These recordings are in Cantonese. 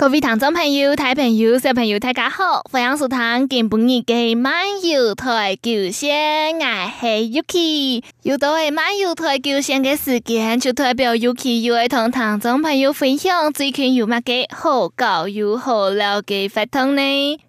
各位聽眾朋友、大朋友、小朋友，大家好，歡迎收聽《健步日記》慢遊台九線。我是 Yuki，又到《慢遊台九線》的時間，就代表 Yuki 要同聽眾朋友分享最近有乜嘅好搞又好樂嘅發生呢。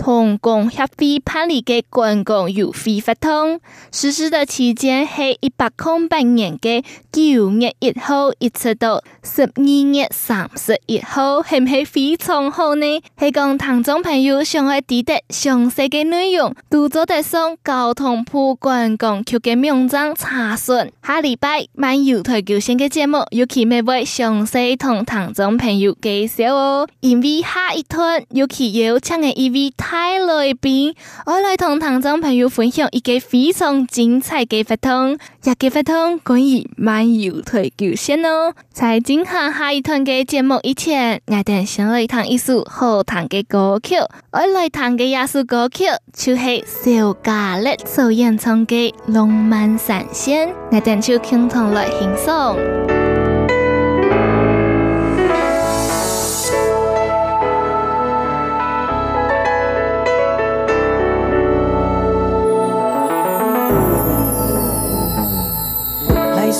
通工協會辦理嘅觀光遊非法通實施的期間係一百零八年嘅九月一號一直到十二月三十一號，係唔係非常好呢？係講，聽眾朋友想要知道詳細嘅內容，都做得上交通部觀光局嘅網站查詢。下禮拜慢遊台九線嘅節目，尤其每位詳細同聽眾朋友介紹哦，因為下一春尤其邀請嘅一位。海裏賓！我來同聽眾朋友分享一個非常精彩嘅法通，一個法通可以慢遊台九線哦，在進行下一堂嘅節目以前，我哋先來聽一首好聽嘅歌曲。我來彈嘅一首歌曲就係小家樂手演唱嘅《浪漫神仙》。我哋就傾同來欣賞。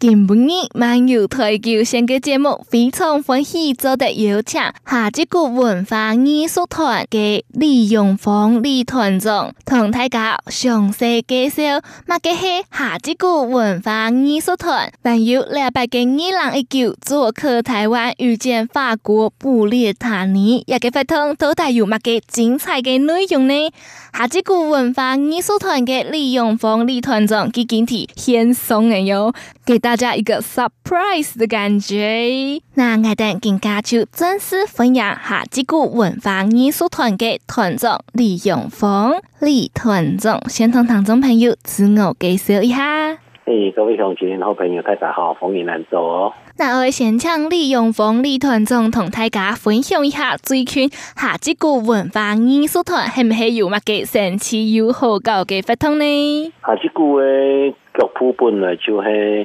今晡日，慢遊台九線上個節目非常歡喜，做得邀請哈旗鼓文化藝術團的李榮豐李團長同大家詳細介紹，乜嘅係哈旗鼓文化藝術團，還有兩百個二零一九做客台灣，遇見法國布列塔尼，一個活動到底有乜嘅精彩的內容呢？哈旗鼓文化藝術團的李榮豐李團長佢今天先送個喲，給大。大家一個 surprise 的感覺。那我們更加就正式分享哈旗鼓文化藝術團嘅團長李榮豐，李團長先同團長朋友自我介紹一下。誒，各位鄉親好朋友大家好，歡迎來走哦。那我現請李榮豐李團長同大家分享一下最近哈旗鼓文化藝術團係唔係有乜嘅神奇有好搞嘅活動呢？哈旗鼓嘅腳步本來就係。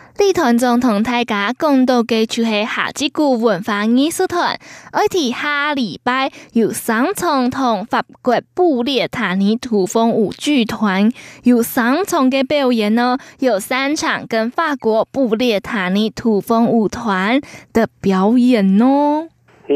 李團長同大家講到嘅就係哈旗鼓文化藝術團，而且下禮拜有三場同法國布列塔尼土風舞劇團，有三場嘅表演呢、哦，有三場跟法國布列塔尼土風舞團的表演咯、哦。呢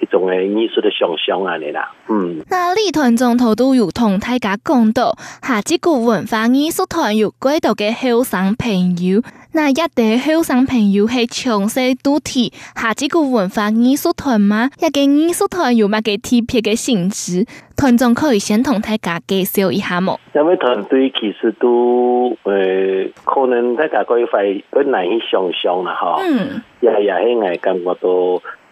一種誒，藝術的想象啊，你啦，嗯。那李團長頭都有同大家講到，哈旗鼓文化藝術團有幾多嘅後生朋友，那一啲後生朋友係強勢主體，哈旗鼓文化藝術團嘛，一個藝術團有麼個特別嘅性質，團長可以先同大家介紹一下冇？因為團隊其實都誒、呃，可能大家可以會不難以想象啦，哈、啊。嗯、喔。也也是愛咁都。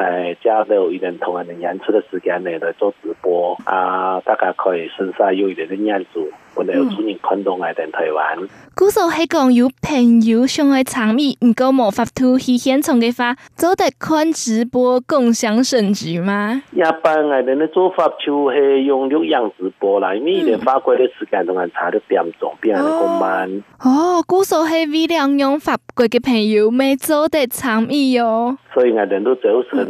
哎，加到一點同樣的演出的時間內來做直播啊，大家可以欣賞有一點嘅演出，或者有足人看到我等台灣。嗯，古時候係講有朋友想去參與，唔夠無法度去現場的話，做得看直播共享盛舉嗎？一般我們哋做法就是用錄像直播啦，因為法國嘅時間同人差得點鐘，變得咁慢。哦，古時候係未有法國嘅朋友未做得參與喲，所以我們都做唔成。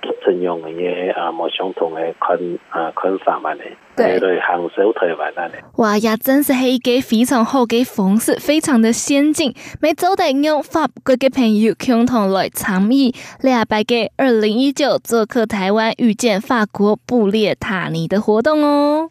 哇呀也真是係個非常好嘅方式，非常的先進。每周都用法國嘅朋友共同來參與，兩百個二零一九做客台灣遇見法國布列塔尼的活動哦。